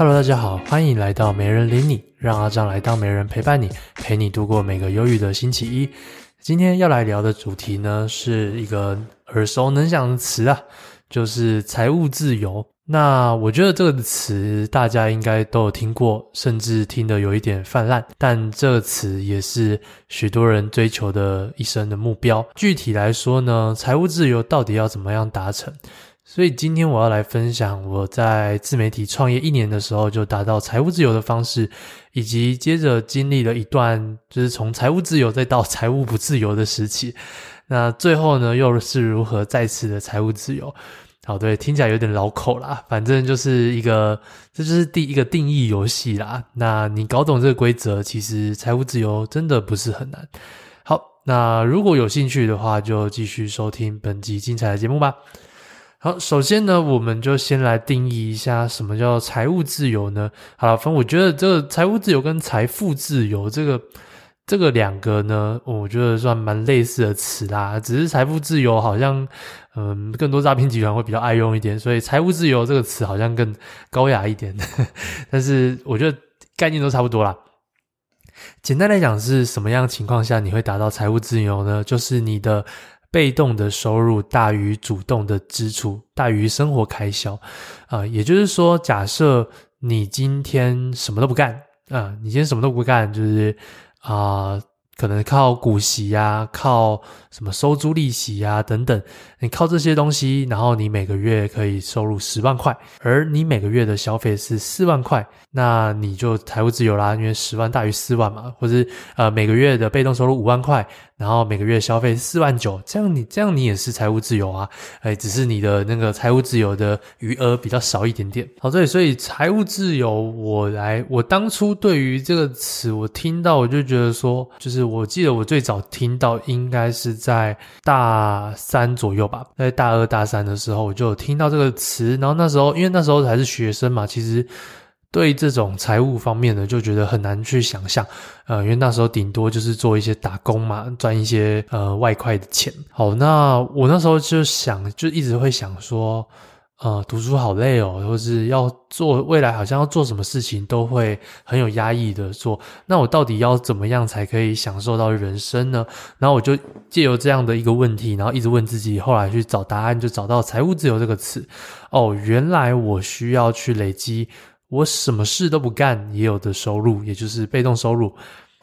Hello，大家好，歡迎來到媒人理你，讓阿璋來當媒人陪伴你，陪你度過每個憂鬱的星期一。今天要來聊的主題呢，是一個耳熟能詳的詞啊，就是財務自由。那我覺得這個詞大家應該都有聽過，甚至聽得有一點氾濫。但這個詞也是許多人追求的一生的目標。具體來說呢，財務自由到底要怎麼樣達成？所以今天我要來分享我在自媒體創業一年的時候就達到財務自由的方式，以及接着經歷了一段就是從財務自由再到財務不自由的時期。那最後呢，又是如何再次的財務自由？好，對，聽起來有點繞口啦，反正就是一個，這就是第一個定義遊戲啦。那你搞懂這個規則，其實財務自由真的不是很難。好，那如果有興趣的話，就繼續收聽本集精彩的節目吧。好，首先呢，我們就先來定義一下什麼叫財務自由呢？好啦，反正我覺得這個財務自由跟財富自由這個這個兩個呢，我覺得算蠻類似的詞啦。只是財富自由好像，嗯、呃，更多詐騙集團會比較愛用一點，所以財務自由這個詞好像更高雅一點。 但是我覺得概念都差不多啦。簡單來講，是什麼樣情況下你會達到財務自由呢？就是你的。被動的收入大於主動的支出，大於生活開銷，啊，也就是說，假設你今天什麼都不幹，啊，你今天什麼都不幹，就是，啊。可能靠股息呀，靠什麼收租利息呀等等，你靠這些東西，然後你每個月可以收入十萬塊，而你每個月的消費是四萬塊，那你就財務自由啦，因為十萬大於四萬嘛。或者呃，每個月的被動收入五萬塊，然後每個月消費四萬九，這樣你這樣你也是財務自由啊，哎，只是你的那個財務自由的餘額比較少一點點。好，對，所以財務自由，我來，我當初對於這個詞，我聽到我就覺得說，就是。我記得我最早聽到應該是在大三左右吧，在大二大三的時候，我就聽到這個詞，然後那時候因為那時候還是學生嘛，其實對這種財務方面呢就覺得很難去想象，呃，因為那時候頂多就是做一些打工嘛，賺一些呃外快的錢。好，那我那時候就想，就一直會想說。啊、呃，讀書好累哦，或是要做未來，好像要做什麼事情都會很有壓抑的說。那我到底要怎麼樣才可以享受到人生呢？然後我就借由這樣的一個問題，然後一直問自己，後來去找答案，就找到財務自由這個詞。哦，原來我需要去累積，我什麼事都不幹也有的收入，也就是被動收入。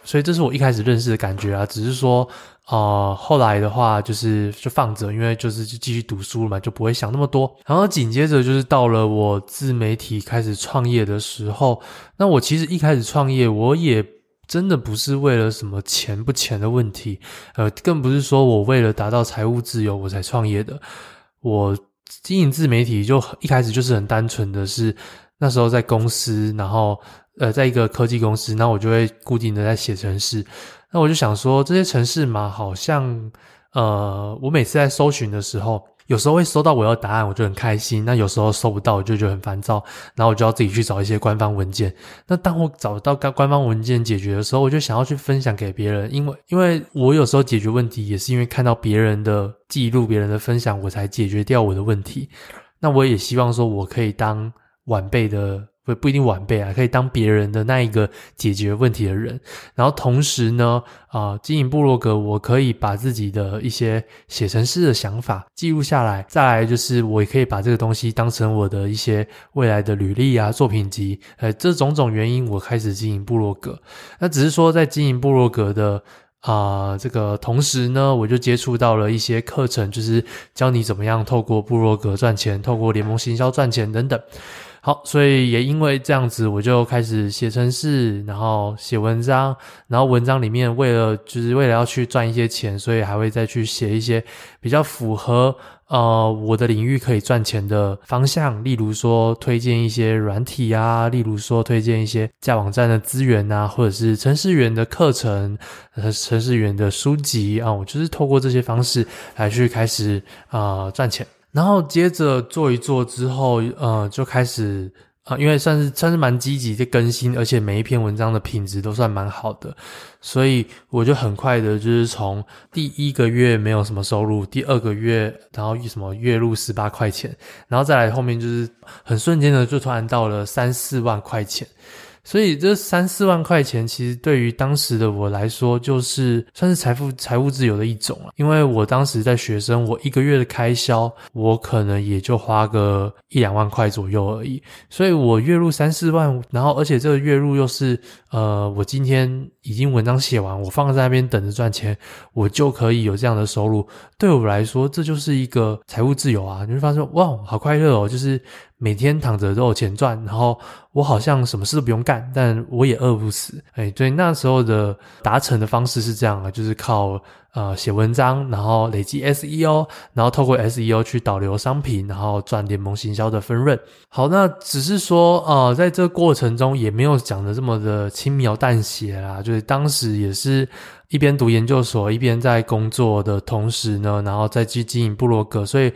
所以這是我一開始認識的感覺啊，只是說。啊、呃，後來的話就是就放着，因為就是就繼續讀書了嘛，就不會想那麼多。然後緊接着就是到了我自媒體開始創業的時候。那我其實一開始創業，我也真的不是為了什麼錢不錢的問題，呃，更不是說我為了達到財務自由我才創業的。我經營自媒體就一開始就是很單純的是，那時候在公司，然後呃，在一個科技公司，那我就會固定的在寫程式。那我就想說，這些城市嘛，好像，呃，我每次在搜尋的時候，有時候會搜到我要的答案，我就很開心；那有時候搜不到，我就覺得很煩躁，然後我就要自己去找一些官方文件。那當我找到官方文件解決的時候，我就想要去分享給別人，因為因為我有時候解決問題也是因為看到別人的記錄、別人的分享，我才解決掉我的問題。那我也希望說我可以當晚輩的。不不一定晚輩啊，可以當別人的那一個解決問題的人。然後同時呢，啊、呃，經營部落格，我可以把自己的一些寫程式的想法記錄下來。再來就是，我也可以把這個東西當成我的一些未來的履歷啊、作品集。誒，這種種原因，我開始經營部落格。那只是說，在經營部落格的啊、呃、這個同時呢，我就接觸到了一些課程，就是教你怎麼樣透過部落格賺錢，透過聯盟行銷賺錢等等。好，所以也因為這樣子，我就開始寫程式，然後寫文章，然後文章裡面為了，就是為了要去賺一些錢，所以還會再去寫一些比較符合呃我的領域可以賺錢的方向，例如說推薦一些軟體啊，例如說推薦一些架網站的資源吶、啊，或者是程式員的課程、呃，程式員的書籍啊、呃，我就是透過這些方式來去開始啊、呃、賺錢。然後接着做一做之後，呃，就開始啊，呃，因為算是算是蠻積極的更新，而且每一篇文章的品質都算蠻好的，所以我就很快的，就是從第一個月沒有什麼收入，第二個月，然後什麼月入十八塊錢，然後再來後面就是很瞬間的，就突然到了三四萬塊錢。所以這三四萬塊錢，其實對於當時的我來說，就是算是財富、財務自由的一種啊。因為我當時在學生，我一個月的開銷，我可能也就花個一兩萬塊左右而已。所以我月入三四萬，然後而且這個月入又是，呃，我今天已經文章寫完，我放在那邊等着賺錢，我就可以有這樣的收入。對我來說，這就是一個財務自由啊！你會發現，哇，好快樂哦，就是。每天躺着都有錢賺，然後我好像什麼事都不用幹，但我也餓不死。哎、欸，所以那時候的達成的方式是這樣的，就是靠呃寫文章，然後累積 SEO，然後透過 SEO 去導流商品，然後賺聯盟行銷的分潤。好，那只是說啊、呃，在這個過程中也沒有講的這麼的輕描淡寫啦，就是當時也是一邊讀研究所，一邊在工作的同時呢，然後再去經營部落格，所以。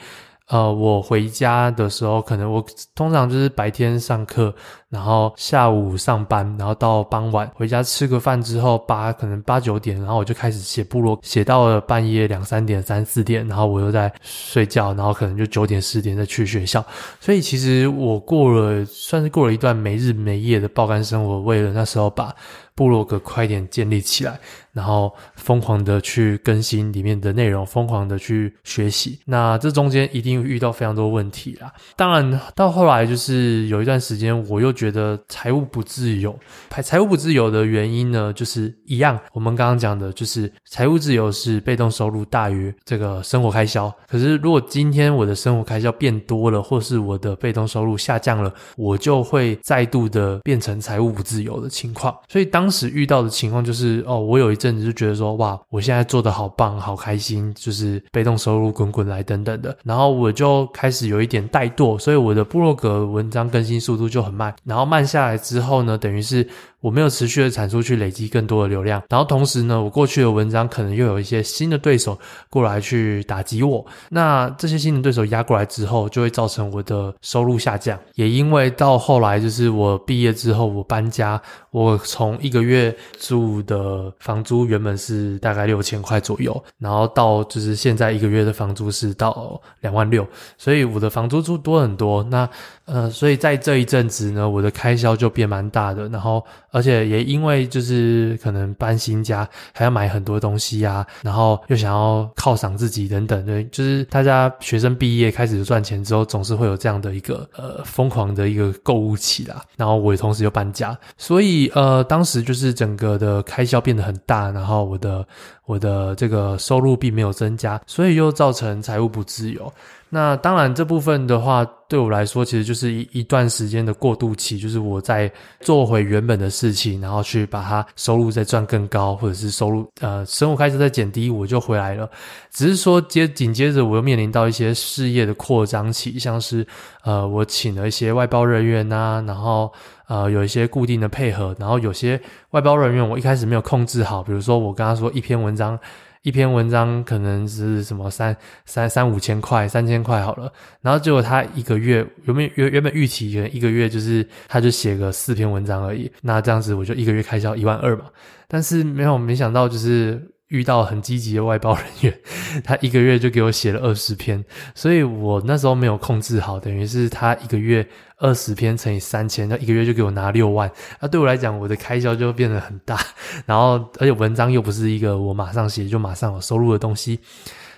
呃，我回家的時候，可能我通常就是白天上課，然後下午上班，然後到傍晚回家吃個飯之後，八可能八九點，然後我就開始寫部落，寫到了半夜兩三點、三四點，然後我又在睡覺，然後可能就九點十點再去學校。所以其實我過了算是過了一段沒日沒夜的爆肝生活，為了那時候把部落格快點建立起來。然後瘋狂的去更新裡面的內容，瘋狂的去學習。那這中間一定遇到非常多問題啦。當然，到後來就是有一段時間，我又覺得財務不自由。財財務不自由的原因呢，就是一樣，我們剛剛講的，就是財務自由是被動收入大於這個生活開銷。可是如果今天我的生活開銷變多了，或是我的被動收入下降了，我就會再度的變成財務不自由的情況。所以當時遇到的情況就是，哦，我有一。甚至就覺得說，哇，我現在做的好棒，好開心，就是被動收入滾滾來等等的，然後我就開始有一點怠惰，所以我的部落格文章更新速度就很慢，然後慢下來之後呢，等於是。我沒有持續的產出去累積更多的流量，然後同時呢，我過去的文章可能又有一些新的對手過來去打擊我。那這些新的對手壓過來之後，就會造成我的收入下降。也因為到後來就是我畢業之後，我搬家，我從一個月住的房租原本是大概六千塊左右，然後到就是現在一個月的房租是到兩萬六，所以我的房租就多很多。那。呃，所以在這一陣子呢，我的開銷就變蠻大的，然後而且也因為就是可能搬新家，還要買很多東西呀、啊，然後又想要犒賞自己等等，對，就是大家學生畢業開始賺錢之後，總是會有這樣的一個呃瘋狂的一個購物期啦。然後我也同時又搬家，所以呃，當時就是整個的開銷變得很大，然後我的我的這個收入並沒有增加，所以又造成財務不自由。那當然，這部分的話，對我來說，其實就是一,一段時間的過渡期，就是我在做回原本的事情，然後去把它收入再賺更高，或者是收入呃，生活開始再減低，我就回來了。只是說接緊接着我又面臨到一些事業的擴張期，像是呃，我請了一些外包人員啊，然後呃，有一些固定的配合，然後有些外包人員我一開始沒有控制好，比如說我跟他說一篇文章。一篇文章可能是什麼三三三五千塊，三千塊好了，然後結果他一個月有沒有原原本預期一一個月就是他就寫個四篇文章而已，那這樣子我就一個月開銷一萬二嘛。但是沒有沒想到就是遇到很積極的外包人員，他一個月就給我寫了二十篇，所以我那時候沒有控制好，等於是他一個月。二十篇乘以三千，那一個月就給我拿六萬。那、啊、對我來講，我的開銷就變得很大。然後，而且文章又不是一個我馬上寫就馬上有收入的東西。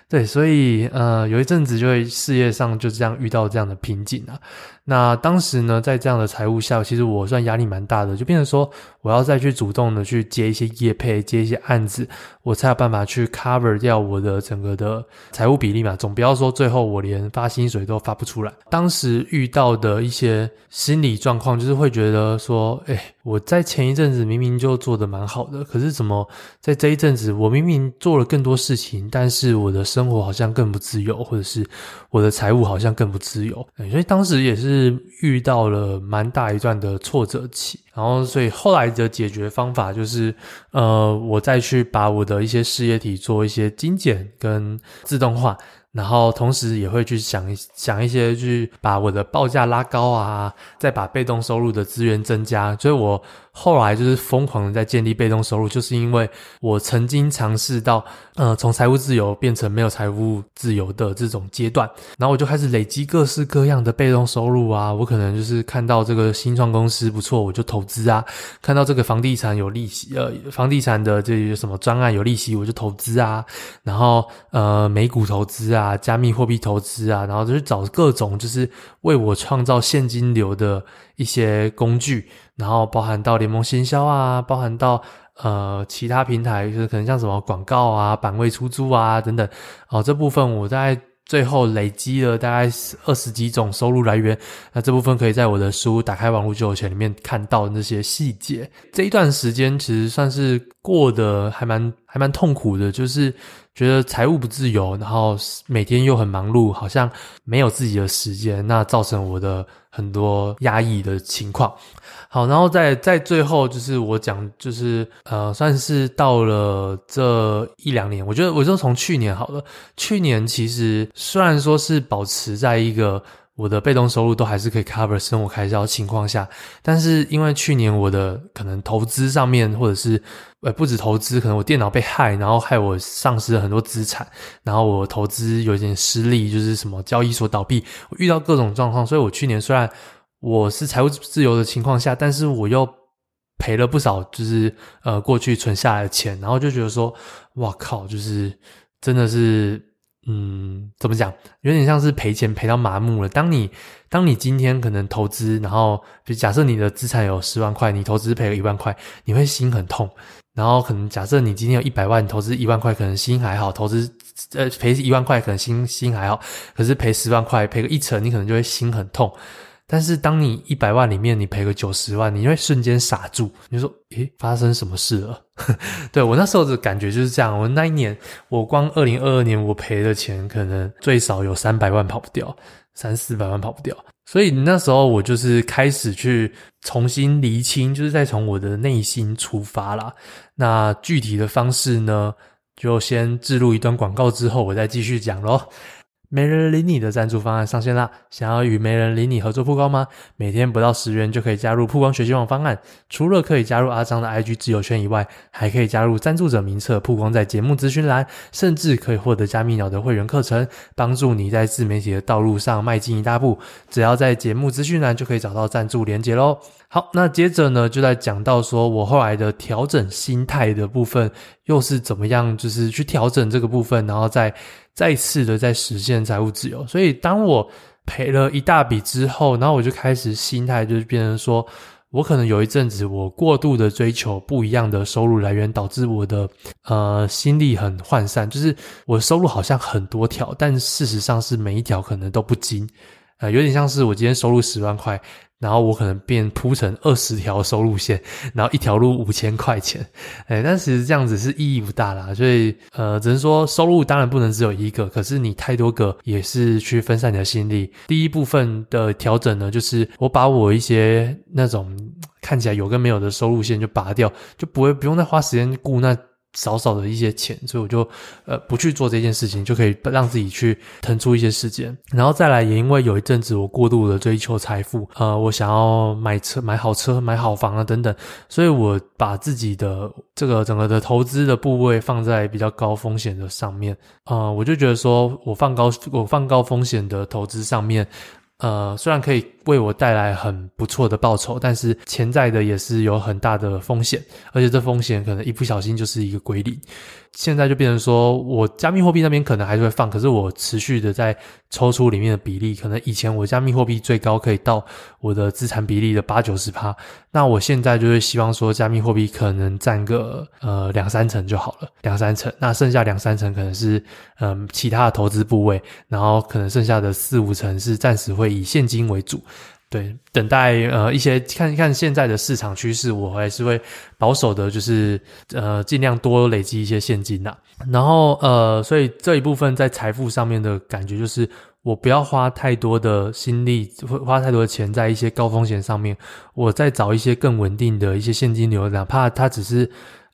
對，所以呃，有一陣子就會事業上就這樣遇到這樣的瓶頸啊。那當時呢，在這樣的財務下，其實我算壓力蠻大的，就變成說。我要再去主動的去接一些業配、接一些案子，我才有辦法去 cover 掉我的整個的財務比例嘛。總不要說最後我連發薪水都發不出來。當時遇到的一些心理狀況，就是會覺得說，哎，欸，我在前一陣子明明就做的蠻好的，可是怎麼在這一陣子我明明做了更多事情，但是我的生活好像更不自由，或者是我的財務好像更不自由。欸，所以當時也是遇到了蠻大一段的挫折期，然後所以後來。的解決方法就是，呃，我再去把我的一些事業體做一些精簡跟自動化，然後同時也會去想想一些去把我的報價拉高啊，再把被動收入的資源增加，所以我。後來就是瘋狂的在建立被動收入，就是因為我曾經嘗試到，呃，從財務自由變成沒有財務自由的這種階段，然後我就開始累積各式各樣的被動收入啊。我可能就是看到這個新創公司不錯，我就投資啊；看到這個房地產有利息，呃，房地產的這什麼專案有利息，我就投資啊。然後呃，美股投資啊，加密貨幣投資啊，然後就是找各種就是為我創造現金流的一些工具。然後包含到聯盟行銷啊，包含到呃其他平台，就是可能像什麼廣告、啊、版位出租啊等等。哦，這部分我在最後累積了大概二十幾種收入來源。那這部分可以在我的書《打開網絡就有錢》裡面看到的那些細節。這一段時間其實算是。過得還蠻還蠻痛苦的，就是覺得財務不自由，然後每天又很忙碌，好像沒有自己的時間，那造成我的很多壓抑的情況。好，然後在在最後就是我講，就是呃，算是到了這一兩年，我覺得我就從去年好了。去年其實雖然說是保持在一個。我的被動收入都還是可以 cover 生活開銷的情況下，但是因為去年我的可能投資上面，或者是呃不止投資，可能我電腦被害，然後害我喪失了很多資產，然後我投資有點失利，就是什麼交易所倒閉，我遇到各種狀況，所以我去年雖然我是財務自由的情況下，但是我又賠了不少，就是呃過去存下來的錢，然後就覺得說，哇靠，就是真的是。嗯，怎麼講？有點像是賠錢賠到麻木了。當你當你今天可能投資，然後，就假設你的資產有十萬塊，你投資賠了一萬塊，你會心很痛。然後可能假設你今天有一百萬，投資一萬塊，可能心還好；投資呃賠一萬塊，可能心心還好。可是賠十萬塊，賠個一成，你可能就會心很痛。但是，當你一百萬裡面你賠個九十萬，你會瞬間傻住，你就說：“咦，發生什麼事了？” 對我那時候的感覺就是這樣。我那一年，我光二零二二年我賠的錢，可能最少有三百萬跑不掉，三四百萬跑不掉。所以那時候我就是開始去重新釐清，就是再從我的內心出發了。那具體的方式呢，就先置入一段廣告，之後我再繼續講嘍。媒人理你的贊助方案上線啦！想要與媒人理你合作曝光嗎？每天不到十元就可以加入曝光學習王方案。除了可以加入阿璋的 IG 摯友圈以外，還可以加入贊助者名冊曝光在節目資訊欄，甚至可以獲得加密腦的會員課程，幫助你在自媒體的道路上邁進一大步。只要在節目資訊欄就可以找到贊助連結嘍。好，那接着呢，就在講到說我後來的調整心態的部分，又是怎麼樣？就是去調整這個部分，然後再。再次的在實現財務自由，所以當我賠了一大筆之後，然後我就開始心態就是變成說，我可能有一陣子我過度的追求不一樣的收入來源，導致我的呃心力很渙散，就是我的收入好像很多條，但事實上是每一條可能都不精。呃，有點像是我今天收入十萬塊，然後我可能變鋪成二十條收入線，然後一條路五千塊錢，哎、欸，但其實這樣子是意義不大啦，所以呃，只能說收入當然不能只有一個，可是你太多個也是去分散你的心力。第一部分的調整呢，就是我把我一些那種看起來有跟沒有的收入線就拔掉，就不會不用再花時間顧那。少少的一些錢，所以我就，呃，不去做這件事情，就可以讓自己去騰出一些時間。然後再來，也因為有一陣子我過度的追求財富，呃，我想要買車、買好車、買好房啊等等，所以我把自己的這個整個的投資的部位放在比較高風險的上面。啊、呃，我就覺得說我放高我放高風險的投資上面，呃，雖然可以。為我帶來很不錯的報酬，但是潛在的也是有很大的風險，而且這風險可能一不小心就是一個歸零。現在就變成說我加密貨幣那邊可能還是會放，可是我持續的在抽出裡面的比例。可能以前我加密貨幣最高可以到我的資產比例的八九十趴，那我現在就會希望說加密貨幣可能占個呃兩三成就好了，兩三成。那剩下兩三成可能是嗯、呃、其他的投資部位，然後可能剩下的四五成是暫時會以現金為主。對，等待呃一些看一看現在的市場趨勢，我還是會保守的，就是呃盡量多累積一些現金吶啊。然後呃，所以這一部分在財富上面的感覺就是，我不要花太多的心力，會花太多的錢在一些高風險上面，我再找一些更穩定的一些現金流，哪怕它只是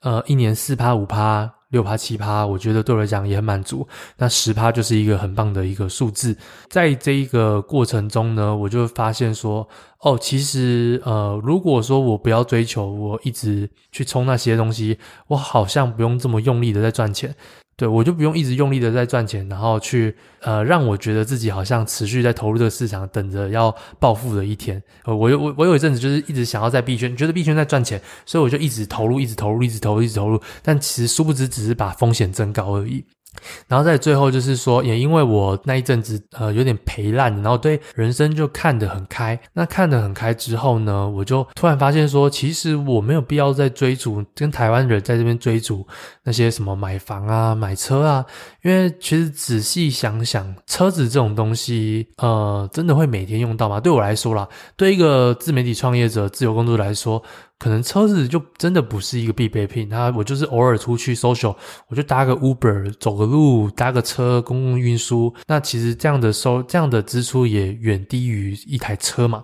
呃一年四趴五趴，六趴七趴，我覺得對我來講也很滿足。那十趴就是一個很棒的一個數字。在這一個過程中呢，我就發現說，哦，其實呃，如果說我不要追求，我一直去衝那些東西，我好像不用這麼用力的在賺錢。對，我就不用一直用力的在賺錢，然後去，呃，讓我覺得自己好像持續在投入這個市場，等着要暴富的一天。呃，我有我我有一陣子就是一直想要在幣圈，覺得幣圈在賺錢，所以我就一直投入，一直投入，一直投入，一直投入，但其實殊不知只是把風險增高而已。然後在最後就是說，也因為我那一陣子呃有點陪爛，然後對人生就看得很開。那看得很開之後呢，我就突然發現說，其實我沒有必要再追逐，跟台灣人在這邊追逐那些什麼買房啊、買車啊。因為其實仔細想想，車子這種東西，呃，真的會每天用到嗎？對我來說啦，對一個自媒體創業者、自由工作者來說。可能車子就真的不是一個必備品，那我就是偶爾出去 social，我就搭個 Uber，走個路，搭個車，公共運輸。那其實這樣的收這樣的支出也遠低於一台車嘛。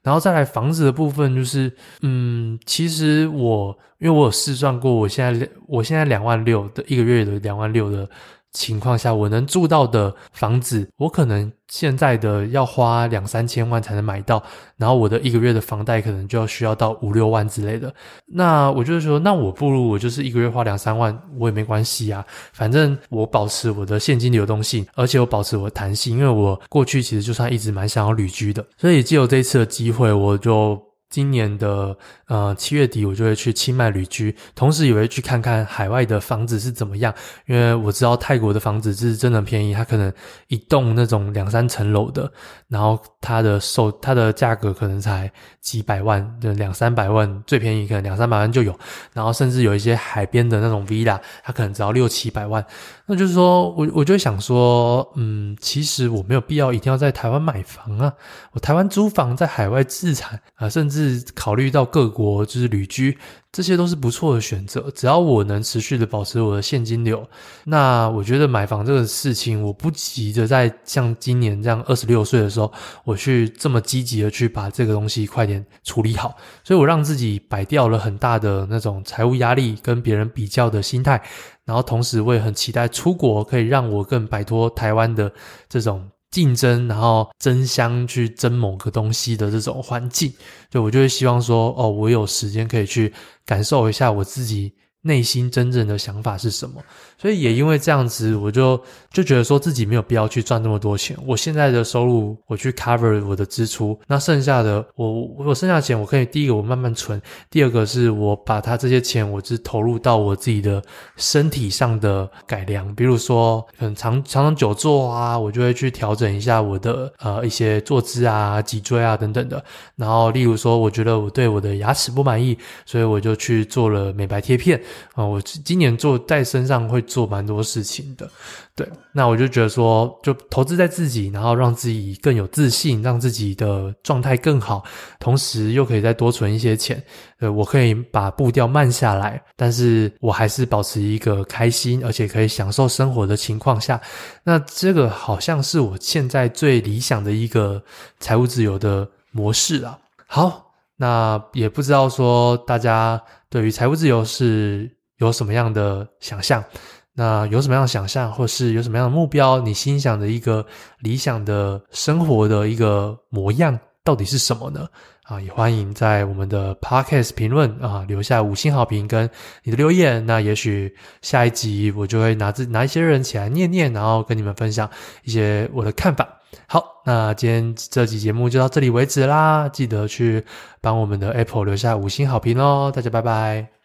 然後再來房子的部分，就是嗯，其實我因為我有試算過我，我現在我現在兩萬六的一個月的兩萬六的。情況下，我能住到的房子，我可能現在的要花兩三千萬才能買到，然後我的一個月的房貸可能就要需要到五六萬之類的。那我就是說，那我不如我就是一個月花兩三萬，我也沒關係啊，反正我保持我的現金流動性，而且我保持我的彈性，因為我過去其實就算一直蠻想要旅居的，所以藉由這一次的機會，我就。今年的呃七月底，我就會去清邁旅居，同時也會去看看海外的房子是怎麼樣。因為我知道泰國的房子是真的便宜，它可能一棟那種兩三層樓的，然後它的售它的價格可能才幾百萬，兩三百萬最便宜，可能兩三百萬就有。然後甚至有一些海邊的那種 villa，它可能只要六七百萬。那就是說我我就會想說，嗯，其實我沒有必要一定要在台灣買房啊，我台灣租房，在海外置產啊、呃，甚至。是考慮到各國，就是旅居，這些都是不錯的選擇。只要我能持續的保持我的現金流，那我覺得買房這個事情，我不急着在像今年這樣二十六歲的時候，我去這麼積極的去把這個東西快點處理好。所以我讓自己擺掉了很大的那種財務壓力跟別人比較的心態，然後同時我也很期待出國，可以讓我更擺脫台灣的這種。競爭，然後爭相去爭某個東西的這種環境，對我就會希望說，哦，我有時間可以去感受一下我自己，內心真正的想法是什麼？所以也因為這樣子，我就就覺得說自己沒有必要去賺那麼多錢。我現在的收入，我去 cover 我的支出，那剩下的我我剩下的錢，我可以第一個我慢慢存，第二個是我把它這些錢，我只投入到我自己的身體上的改良，比如說很長常常久坐啊，我就會去調整一下我的呃一些坐姿啊、脊椎啊等等的。然後例如說，我覺得我對我的牙齒不滿意，所以我就去做了美白貼片。啊、呃，我今年做在身上會做蠻多事情的，對，那我就覺得說，就投資在自己，然後讓自己更有自信，讓自己的狀態更好，同時又可以再多存一些錢，呃，我可以把步調慢下來，但是我還是保持一個開心，而且可以享受生活的情況下，那這個好像是我現在最理想的一個財務自由的模式啊。好，那也不知道說大家。對於財務自由是有什麼樣的想象那有什麼樣的想象或是有什麼樣的目標？你心想的一個理想的生活的一個模樣，到底是什麼呢？啊，也歡迎在我們的 Podcast 評論啊，留下五星好評跟你的留言。那也許下一集我就會拿自、拿一些人起來念念，然後跟你們分享一些我的看法。好，那今天這集節目就到這裡為止啦，記得去幫我們的 Apple 留下五星好評哦，大家拜拜。